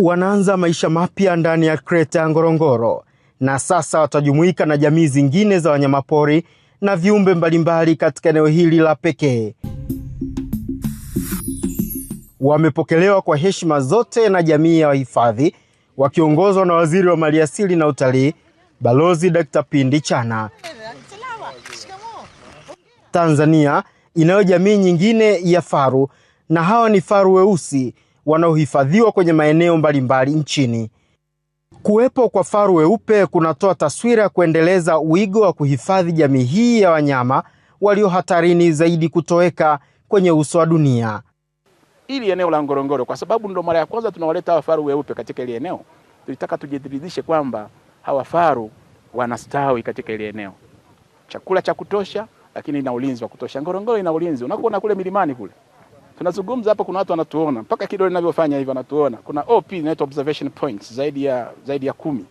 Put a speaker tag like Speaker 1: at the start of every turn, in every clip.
Speaker 1: wanaanza maisha mapya ndani ya kreta ya Ngorongoro na sasa watajumuika na jamii zingine za wanyamapori na viumbe mbalimbali katika eneo hili la pekee. Wamepokelewa kwa heshima zote na jamii ya wahifadhi wakiongozwa na Waziri wa Maliasili na Utalii, Balozi Dr. Pindi Chana. Tanzania inayo jamii nyingine ya faru na hawa ni faru weusi wanaohifadhiwa kwenye maeneo mbalimbali nchini. Kuwepo kwa faru weupe kunatoa taswira ya kuendeleza wigo wa kuhifadhi jamii hii ya wanyama walio hatarini zaidi kutoweka kwenye uso wa dunia.
Speaker 2: Hili eneo la Ngorongoro, kwa sababu ndo mara ya kwanza tunawaleta hawa faru weupe katika hili eneo, tulitaka tujiridhishe kwamba hawa faru wanastawi katika hili eneo, chakula cha kutosha, lakini na ulinzi wa kutosha. Ngorongoro ina ulinzi, unakuona kule milimani kule tunazungumza hapa, kuna watu wanatuona mpaka kidole ninavyofanya hivi wanatuona. Kuna OP inaitwa observation points zaidi ya, zaidi ya kumi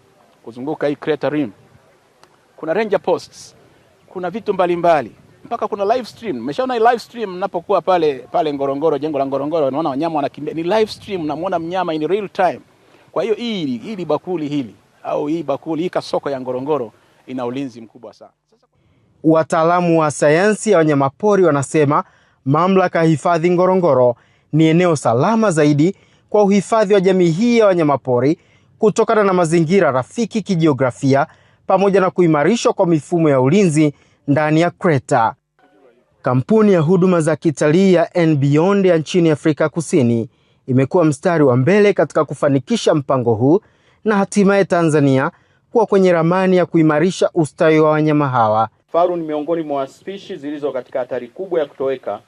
Speaker 2: kuzunguka hii crater rim. Kuna ranger posts, kuna vitu mbalimbali mbali. Mpaka kuna live stream. Mmeshaona hii live stream ninapokuwa pale pale Ngorongoro, jengo la Ngorongoro, unaona wanyama wanakimbia, ni live stream, namuona mnyama in real time. Kwa hiyo hii hili bakuli hili au hii bakuli hii kasoko ya Ngorongoro ina ulinzi mkubwa sana.
Speaker 1: Wataalamu wa sayansi ya wanyamapori wanasema mamlaka ya hifadhi Ngorongoro ni eneo salama zaidi kwa uhifadhi wa jamii hii ya wanyamapori kutokana na mazingira rafiki kijiografia pamoja na kuimarishwa kwa mifumo ya ulinzi ndani ya kreta. Kampuni ya huduma za kitalii ya NBeyond ya nchini Afrika Kusini imekuwa mstari wa mbele katika kufanikisha mpango huu na hatimaye Tanzania kuwa kwenye ramani ya kuimarisha ustawi wa wanyama hawa.
Speaker 2: Faru ni miongoni mwa spishi zilizo katika hatari kubwa ya kutoweka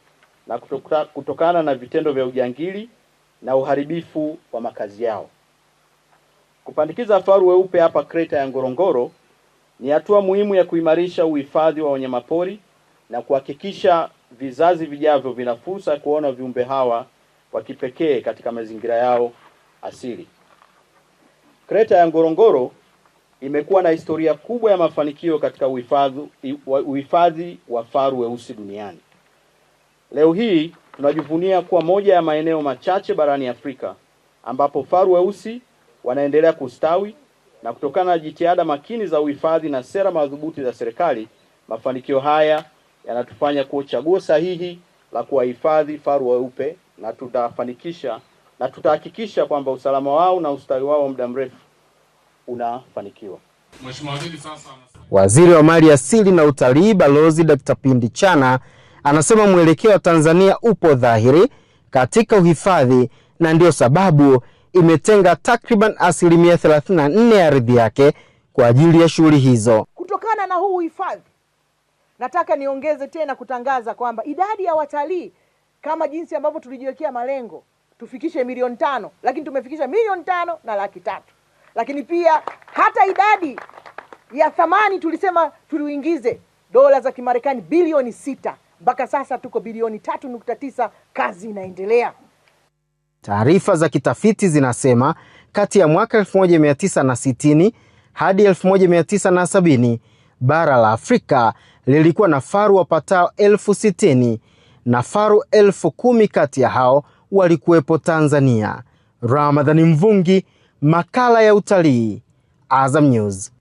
Speaker 2: na kutokana na vitendo vya ujangili na uharibifu wa makazi yao. Kupandikiza faru weupe hapa Kreta ya Ngorongoro ni hatua muhimu ya kuimarisha uhifadhi wa wanyamapori na kuhakikisha vizazi vijavyo vina fursa ya kuona viumbe hawa wa kipekee katika mazingira yao asili. Kreta ya Ngorongoro imekuwa na historia kubwa ya mafanikio katika uhifadhi wa faru weusi duniani. Leo hii tunajivunia kuwa moja ya maeneo machache barani Afrika ambapo faru weusi wanaendelea kustawi na kutokana na jitihada makini za uhifadhi na sera madhubuti za serikali, mafanikio haya yanatufanya kuwa chaguo sahihi la kuwahifadhi faru weupe, na tutafanikisha na tutahakikisha kwamba usalama wao na ustawi wao wa muda mrefu unafanikiwa.
Speaker 1: Waziri wa Mali Asili na Utalii Balozi Dr. Pindi Chana Anasema mwelekeo wa Tanzania upo dhahiri katika uhifadhi na ndiyo sababu imetenga takriban asilimia 34 ya ardhi yake kwa ajili ya shughuli hizo.
Speaker 3: Kutokana na huu uhifadhi, nataka niongeze tena kutangaza kwamba idadi ya watalii kama jinsi ambavyo tulijiwekea malengo tufikishe milioni tano, lakini tumefikisha milioni tano na laki tatu. Lakini pia hata idadi ya thamani tulisema tuliuingize dola za Kimarekani bilioni sita. Mpaka sasa tuko bilioni 39 kazi inaendelea.
Speaker 1: Taarifa za kitafiti zinasema kati ya mwaka 1960 hadi 1970 bara la Afrika lilikuwa na faru wapatao elfu sitini na faru elfu kumi kati ya hao walikuwepo Tanzania. Ramadhani Mvungi, makala ya utalii, Azam News.